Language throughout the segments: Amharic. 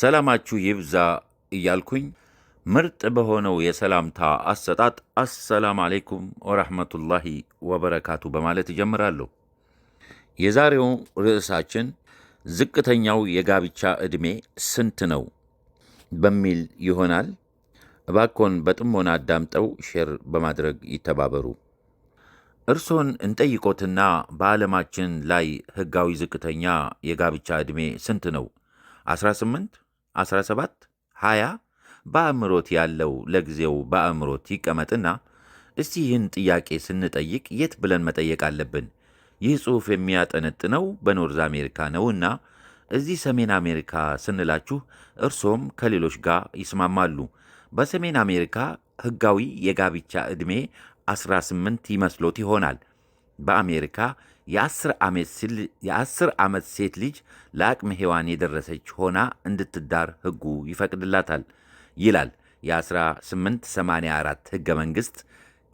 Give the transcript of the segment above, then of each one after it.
ሰላማችሁ ይብዛ እያልኩኝ ምርጥ በሆነው የሰላምታ አሰጣጥ አሰላም አሌይኩም ወረሕመቱላሂ ወበረካቱ በማለት እጀምራለሁ። የዛሬው ርዕሳችን ዝቅተኛው የጋብቻ ዕድሜ ስንት ነው በሚል ይሆናል። እባኮን በጥሞና አዳምጠው ሼር በማድረግ ይተባበሩ። እርሶን እንጠይቆትና በዓለማችን ላይ ሕጋዊ ዝቅተኛ የጋብቻ ዕድሜ ስንት ነው 18 17 20 በአእምሮት ያለው ለጊዜው በአእምሮት ይቀመጥና እስቲ ይህን ጥያቄ ስንጠይቅ የት ብለን መጠየቅ አለብን? ይህ ጽሑፍ የሚያጠነጥነው በኖርዝ አሜሪካ ነውና እዚህ ሰሜን አሜሪካ ስንላችሁ እርሶም ከሌሎች ጋር ይስማማሉ። በሰሜን አሜሪካ ሕጋዊ የጋብቻ ዕድሜ 18 ይመስሎት ይሆናል። በአሜሪካ የአስር ዓመት ሴት ልጅ ለአቅመ ሔዋን የደረሰች ሆና እንድትዳር ሕጉ ይፈቅድላታል ይላል የ1884 ሕገ መንግሥት።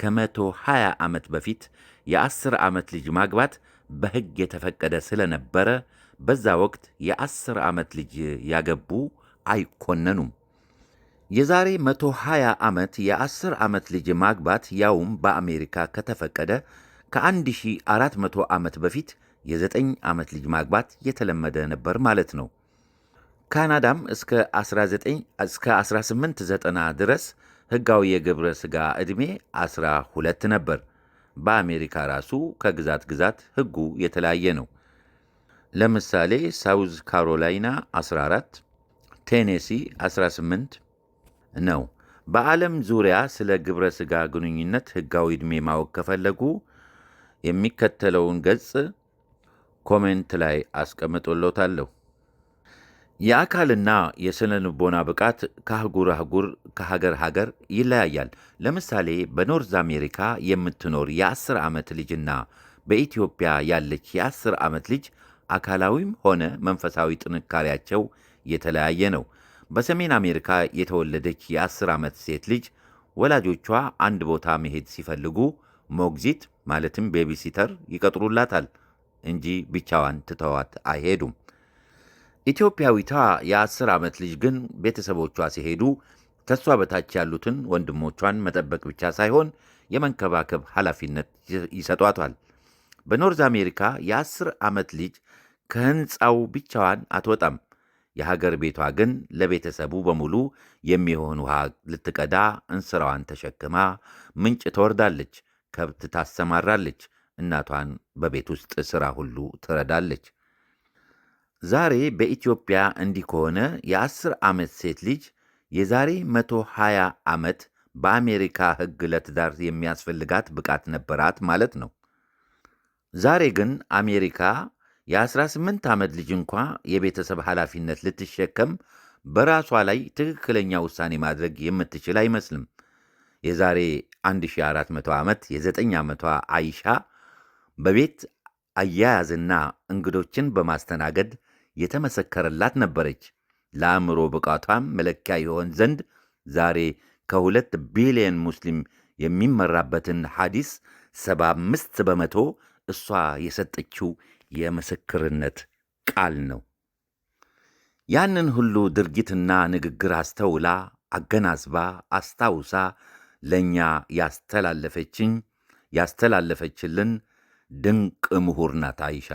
20 ዓመት በፊት የአስር ዓመት ልጅ ማግባት በሕግ የተፈቀደ ስለነበረ በዛ ወቅት የአስር ዓመት ልጅ ያገቡ አይኮነኑም። የዛሬ 20 ዓመት የአስር ዓመት ልጅ ማግባት ያውም በአሜሪካ ከተፈቀደ ከ1400 ዓመት በፊት የዘጠኝ ዓመት ልጅ ማግባት የተለመደ ነበር ማለት ነው። ካናዳም እስከ 1890 ድረስ ሕጋዊ የግብረ ሥጋ ዕድሜ 12 ነበር። በአሜሪካ ራሱ ከግዛት ግዛት ሕጉ የተለያየ ነው። ለምሳሌ ሳውዝ ካሮላይና 14፣ ቴኔሲ 18 ነው። በዓለም ዙሪያ ስለ ግብረ ሥጋ ግንኙነት ሕጋዊ ዕድሜ ማወቅ ከፈለጉ የሚከተለውን ገጽ ኮሜንት ላይ አስቀምጦሎታለሁ። የአካልና የስነ ልቦና ብቃት ከአህጉር አህጉር ከሀገር ሀገር ይለያያል። ለምሳሌ በኖርዝ አሜሪካ የምትኖር የ10 ዓመት ልጅና በኢትዮጵያ ያለች የ10 ዓመት ልጅ አካላዊም ሆነ መንፈሳዊ ጥንካሬያቸው የተለያየ ነው። በሰሜን አሜሪካ የተወለደች የ10 ዓመት ሴት ልጅ ወላጆቿ አንድ ቦታ መሄድ ሲፈልጉ ሞግዚት ማለትም ቤቢሲተር ይቀጥሩላታል እንጂ ብቻዋን ትተዋት አይሄዱም። ኢትዮጵያዊቷ የአስር ዓመት ልጅ ግን ቤተሰቦቿ ሲሄዱ ከእሷ በታች ያሉትን ወንድሞቿን መጠበቅ ብቻ ሳይሆን የመንከባከብ ኃላፊነት ይሰጧታል። በኖርዝ አሜሪካ የአስር ዓመት ልጅ ከህንፃው ብቻዋን አትወጣም። የሀገር ቤቷ ግን ለቤተሰቡ በሙሉ የሚሆን ውሃ ልትቀዳ እንስራዋን ተሸክማ ምንጭ ትወርዳለች። ከብት ታሰማራለች፣ እናቷን በቤት ውስጥ ሥራ ሁሉ ትረዳለች። ዛሬ በኢትዮጵያ እንዲህ ከሆነ የአስር ዓመት ሴት ልጅ የዛሬ መ20 ዓመት በአሜሪካ ሕግ ለትዳር የሚያስፈልጋት ብቃት ነበራት ማለት ነው። ዛሬ ግን አሜሪካ የ18 ዓመት ልጅ እንኳ የቤተሰብ ኃላፊነት ልትሸከም በራሷ ላይ ትክክለኛ ውሳኔ ማድረግ የምትችል አይመስልም። የዛሬ 1400 ዓመት የ ዓመቷ አይሻ በቤት አያያዝና እንግዶችን በማስተናገድ የተመሰከረላት ነበረች። ለአእምሮ ብቃቷም መለኪያ ይሆን ዘንድ ዛሬ ከሁለት ቢሊዮን ሙስሊም የሚመራበትን ሐዲስ 75 በመቶ እሷ የሰጠችው የምስክርነት ቃል ነው። ያንን ሁሉ ድርጊትና ንግግር አስተውላ አገናዝባ አስታውሳ ለእኛ ያስተላለፈችኝ ያስተላለፈችልን ድንቅ ምሁር ናት አይሻ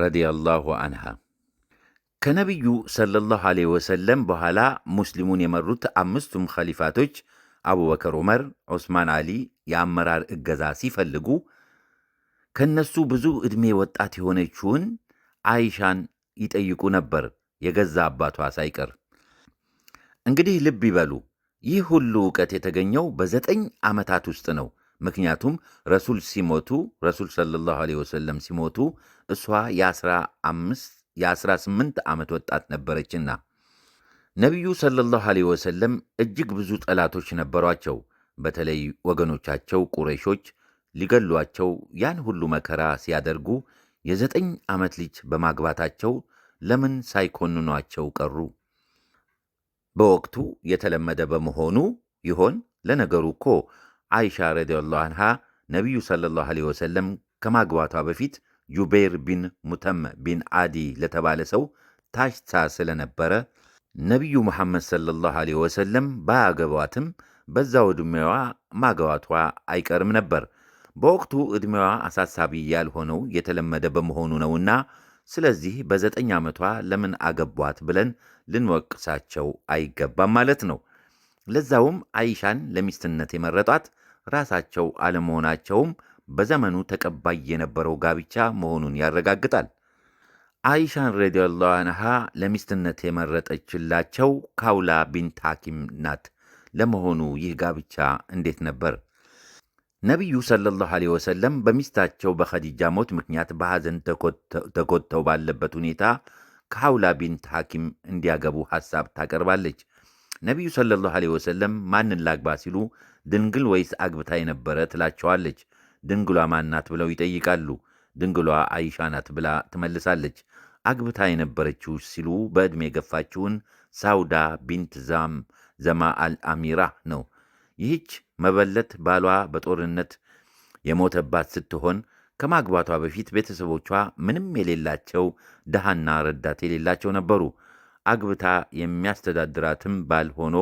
ረዲያላሁ አንሃ። ከነቢዩ ሰለላሁ ዐለይሂ ወሰለም በኋላ ሙስሊሙን የመሩት አምስቱም ኸሊፋቶች አቡበከር፣ ዑመር፣ ዑስማን፣ አሊ የአመራር እገዛ ሲፈልጉ ከነሱ ብዙ ዕድሜ ወጣት የሆነችውን አይሻን ይጠይቁ ነበር የገዛ አባቷ ሳይቀር። እንግዲህ ልብ ይበሉ ይህ ሁሉ እውቀት የተገኘው በዘጠኝ ዓመታት ውስጥ ነው። ምክንያቱም ረሱል ሲሞቱ ረሱል ሰለላሁ ዐለይሂ ወሰለም ሲሞቱ እሷ የ18 ዓመት ወጣት ነበረችና። ነቢዩ ሰለላሁ ዐለይሂ ወሰለም እጅግ ብዙ ጠላቶች ነበሯቸው። በተለይ ወገኖቻቸው ቁረይሾች ሊገሏቸው ያን ሁሉ መከራ ሲያደርጉ የዘጠኝ ዓመት ልጅ በማግባታቸው ለምን ሳይኮንኗቸው ቀሩ? በወቅቱ የተለመደ በመሆኑ ይሆን? ለነገሩ እኮ አይሻ ረዲየላሁ አንሃ ነቢዩ ሰለላሁ ዐለይሂ ወሰለም ከማግባቷ በፊት ጁበይር ቢን ሙተም ቢን አዲ ለተባለ ሰው ታሽታ ስለነበረ ነቢዩ መሐመድ ሰለላሁ ዐለይሂ ወሰለም ባያገቧትም በዛው ዕድሜዋ ማግባቷ አይቀርም ነበር። በወቅቱ ዕድሜዋ አሳሳቢ ያልሆነው የተለመደ በመሆኑ ነውና ስለዚህ በዘጠኝ ዓመቷ ለምን አገቧት ብለን ልንወቅሳቸው አይገባም ማለት ነው። ለዛውም አይሻን ለሚስትነት የመረጧት ራሳቸው አለመሆናቸውም በዘመኑ ተቀባይ የነበረው ጋብቻ መሆኑን ያረጋግጣል። አይሻን ረዲየላሁ አንሃ ለሚስትነት የመረጠችላቸው ካውላ ቢንት ሐኪም ናት። ለመሆኑ ይህ ጋብቻ እንዴት ነበር? ነቢዩ ሰለላሁ ዐለይሂ ወሰለም በሚስታቸው በኸዲጃ ሞት ምክንያት በሐዘን ተጎድተው ባለበት ሁኔታ ከሐውላ ቢንት ሐኪም እንዲያገቡ ሐሳብ ታቀርባለች። ነቢዩ ሰለላሁ ዐለይሂ ወሰለም ማንን ላግባ ሲሉ ድንግል ወይስ አግብታ የነበረ ትላቸዋለች። ድንግሏ ማናት ብለው ይጠይቃሉ። ድንግሏ አይሻ ናት ብላ ትመልሳለች። አግብታ የነበረችው ሲሉ በዕድሜ የገፋችውን ሳውዳ ቢንት ዛም ዘማ አልአሚራ ነው። ይህች መበለት ባሏ በጦርነት የሞተባት ስትሆን ከማግባቷ በፊት ቤተሰቦቿ ምንም የሌላቸው ድሃና ረዳት የሌላቸው ነበሩ። አግብታ የሚያስተዳድራትም ባል ሆኖ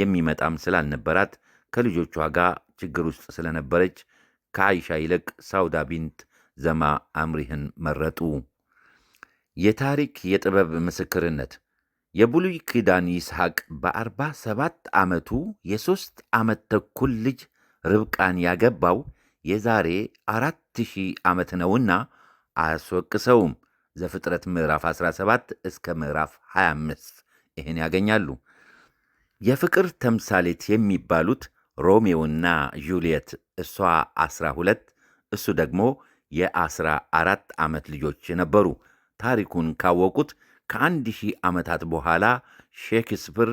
የሚመጣም ስላልነበራት ከልጆቿ ጋር ችግር ውስጥ ስለነበረች ከአይሻ ይልቅ ሳውዳ ቢንት ዘማ አምሪህን መረጡ። የታሪክ የጥበብ ምስክርነት የብሉይ ኪዳን ይስሐቅ በአርባ ሰባት ዓመቱ የሦስት ዓመት ተኩል ልጅ ርብቃን ያገባው የዛሬ አራት ሺህ ዓመት ነውና አያስወቅሰውም። ዘፍጥረት ምዕራፍ 17 እስከ ምዕራፍ 25 ይህን ያገኛሉ። የፍቅር ተምሳሌት የሚባሉት ሮሜውና ጁልየት እሷ 12 እሱ ደግሞ የ14 ዓመት ልጆች ነበሩ። ታሪኩን ካወቁት ከአንድ ሺህ ዓመታት በኋላ ሼክስፒር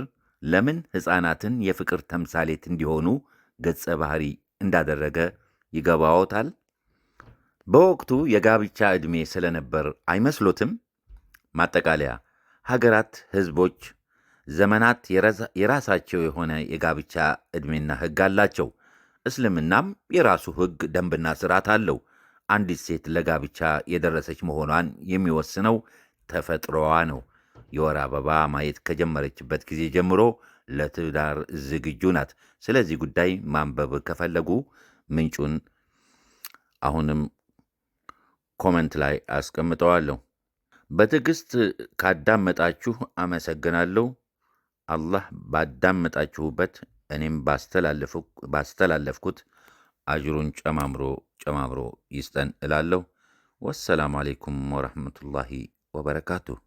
ለምን ሕፃናትን የፍቅር ተምሳሌት እንዲሆኑ ገጸ ባህሪ እንዳደረገ ይገባዎታል? በወቅቱ የጋብቻ ዕድሜ ስለነበር አይመስሎትም? ማጠቃለያ፣ ሀገራት፣ ሕዝቦች፣ ዘመናት የራሳቸው የሆነ የጋብቻ ዕድሜና ሕግ አላቸው። እስልምናም የራሱ ሕግ ደንብና ስርዓት አለው። አንዲት ሴት ለጋብቻ የደረሰች መሆኗን የሚወስነው ተፈጥሮዋ ነው። የወር አበባ ማየት ከጀመረችበት ጊዜ ጀምሮ ለትዳር ዝግጁ ናት። ስለዚህ ጉዳይ ማንበብ ከፈለጉ ምንጩን አሁንም ኮመንት ላይ አስቀምጠዋለሁ። በትዕግስት ካዳመጣችሁ አመሰግናለሁ። አላህ ባዳመጣችሁበት እኔም ባስተላለፍኩት አጅሩን ጨማምሮ ጨማምሮ ይስጠን እላለሁ። ወሰላሙ አሌይኩም ወረሕመቱላሂ wabarakatuh.